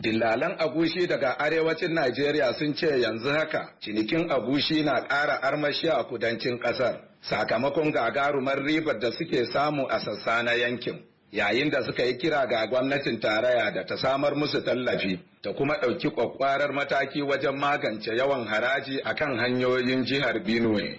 Dillalan agushi daga arewacin Najeriya sun ce yanzu haka cinikin agushi na ƙara armashi a kudancin ƙasar sakamakon gagarumar ribar da suke samu a sassa na yankin. Yayin da suka yi kira ga gwamnatin tarayya da ta samar musu tallafi ta kuma ɗauki ƙwaƙƙwarar mataki wajen magance yawan haraji a kan hanyoyin jihar Benue.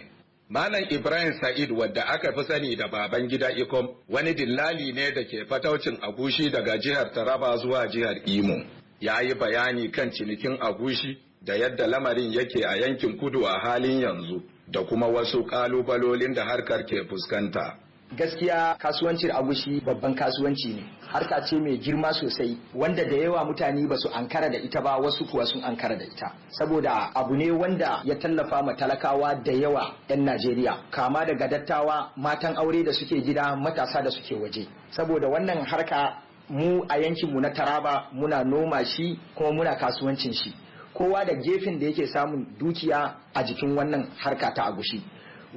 Malam Ibrahim Sa'id wadda aka fi sani da baban gida Ikom wani dillali ne da ke fataucin agushi daga jihar Taraba zuwa jihar Imo. ya yi bayani kan cinikin agushi da yadda lamarin yake a yankin kudu a halin yanzu da kuma wasu kalubalolin da harkar ke fuskanta. Gaskiya kasuwancin agushi babban kasuwanci ne, harka ce mai girma sosai wanda da yawa mutane ba su ankara da ita ba wasu kuwa sun ankara da ita. Saboda abu ne wanda ya tallafa ma talakawa da yawa 'yan Najeriya, kama daga dattawa matan aure da suke gida matasa da suke waje. Saboda wannan harka mu a yankinmu na taraba muna noma shi kuma muna kasuwancin shi kowa da gefen da yake samun dukiya a jikin wannan harka ta agushi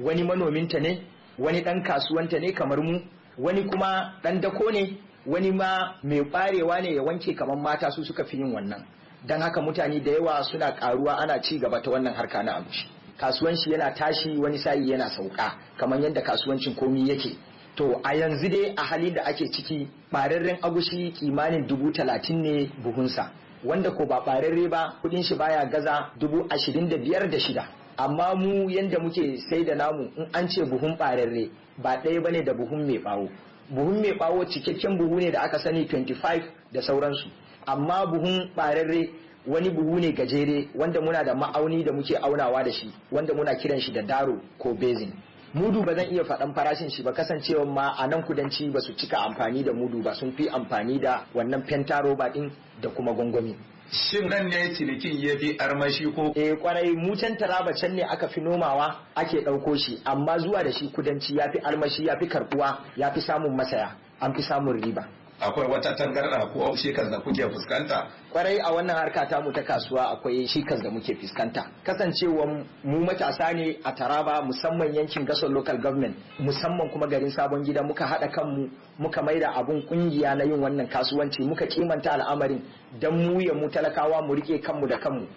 wani manominta ne wani ɗan kasuwanta ne kamar mu wani kuma ɗan dako ne wani ma mai ɓarewa ne ya wanke kamar mata su suka fi yin wannan don haka mutane da yawa suna ƙaruwa ana ci gaba ta wannan harka na agushi kasuwanci yana tashi wani sa'i yana sauka kamar yadda kasuwancin komi yake to a yanzu dai a halin da ake ciki ɓararren agushi kimanin dubu talatin ne buhunsa wanda ko ba ɓararre ba kudin shi baya gaza dubu ashirin da biyar da shida amma mu yanda muke sai da namu in an ce buhun ɓararre ba ɗaya bane da buhun mai ɓawo buhun mai ɓawo cikakken buhu ne da aka sani 25 da sauransu amma buhun ɓararre wani buhu ne gajere wanda muna da ma'auni da muke aunawa da shi wanda muna kiran shi da daro ko bezin mudu ba zan iya faɗan farashin shi ba kasancewa ma a nan kudanci ba su cika amfani da mudu ba sun fi amfani da wannan fenta roba ɗin da kuma gwangwami. Shin nan ne cinikin ya fi armashi ko? Eh kwarai mu can taraba can ne aka fi nomawa ake ɗauko shi amma zuwa da shi kudanci ya fi armashi ya fi karɓuwa ya fi samun masaya an fi samun riba. akwai wata tangarɗa ko shekas da kuke fuskanta kwarai a wannan harka ta mu ta kasuwa akwai shekas da muke fuskanta kasancewa mu matasa ne a taraba musamman yankin gasar local government musamman kuma garin sabon gida muka haɗa kanmu muka maida abun kungiya na yin wannan kasuwanci muka kimanta al'amarin don mu ya mu talakawa mu riƙe kanmu da kanmu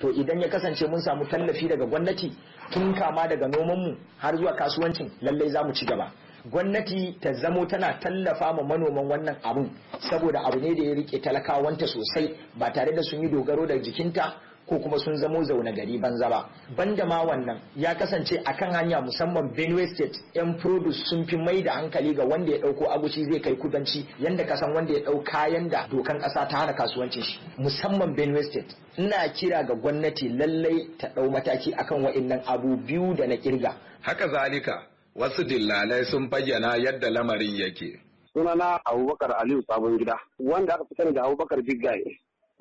to idan ya kasance mun samu tallafi daga gwamnati tun kama daga noman mu har zuwa kasuwancin lallai za mu ci gaba gwamnati ta zamo tana tallafa ma manoman wannan abun saboda abu ne da ya rike talakawanta sosai ba tare da sun yi dogaro da jikinta ko kuma sun zamo zaune gari banza ba banda ma wannan ya kasance a kan hanya musamman Benue State yan produce sun fi mai da hankali ga wanda ya dauko agushi zai kai kudanci yanda kasan wanda ya dau kayan da dokan ƙasa ta hana kasuwancin shi musamman Benue State ina kira ga gwamnati lallai ta dau mataki akan wa'annan abu biyu da na kirga haka zalika Wasu dillalai sun bayyana yadda lamarin yake. Sunana Abubakar Aliyu Sabon Gida, wanda aka fitar da Abubakar Big Guy.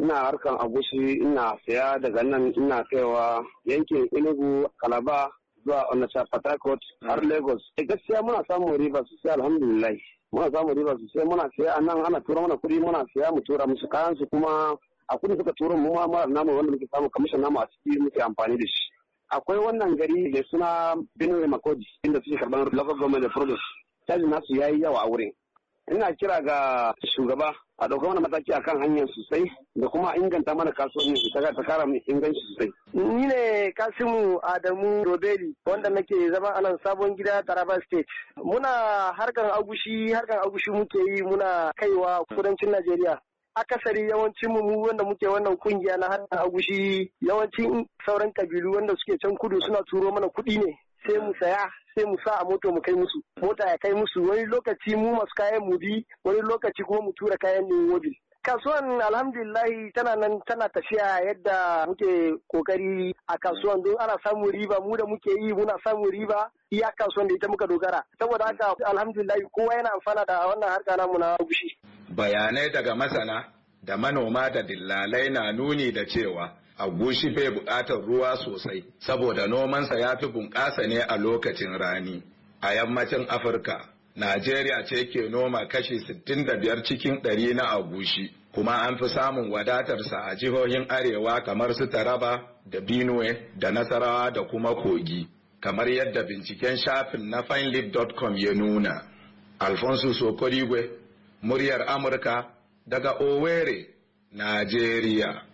Ina harkan agushi ina saya daga nan ina kaiwa yankin inugu Kalaba, zuwa Onitsha, Port Harcourt, har Lagos. E gaskiya muna samun riba sosai alhamdulillah. Muna samun riba sosai muna saya a nan ana tura mana kuɗi muna saya mu tura musu kayan su kuma a kuɗin suka tura mu ma mara namu wanda muke samu kamishin namu a ciki muke amfani da shi. akwai wannan gari da suna benue makodi inda suke karban local government produce caji nasu yi yawa a wurin ina kira ga shugaba a ɗauka wani mataki akan hanyar sosai da kuma inganta mana kasuwanci ta kara mai inganci sosai. Ni ne Kasimu Adamu Robeli wanda nake zama a sabon gida Taraba State. Muna harkan agushi harkar agushi muke yi muna kaiwa kudancin Najeriya. akasari yawancin mu wanda muke wannan kungiya na hannun agushi yawancin sauran kabilu wanda suke can kudu suna turo mana kuɗi ne sai mu saya sai mu sa a moto mu kai musu mota ya kai musu wani lokaci mu masu kayan mu bi wani lokaci kuma mu tura kayan mu wobi kasuwan alhamdulillahi tana nan tana tafiya yadda muke kokari a kasuwan don ana samun riba mu da muke yi muna samun riba iya kasuwan da ita muka dogara saboda haka alhamdulillahi kowa yana amfana da wannan harka namu na gushi bayanai daga masana da manoma da dillalai na nuni da cewa agushi bai buƙatar ruwa sosai saboda nomansa ya fi bunƙasa ne a lokacin rani a yammacin afirka najeriya ce ke noma kashi 65 cikin 100 na agushi kuma an fi samun wadatarsa a jihohin arewa kamar su taraba da benue da nasarawa da kuma kogi kamar yadda binciken shafin na finelib.com ya nuna alfonso sokorigwe muryar Amurka daga Owerri, Najeriya.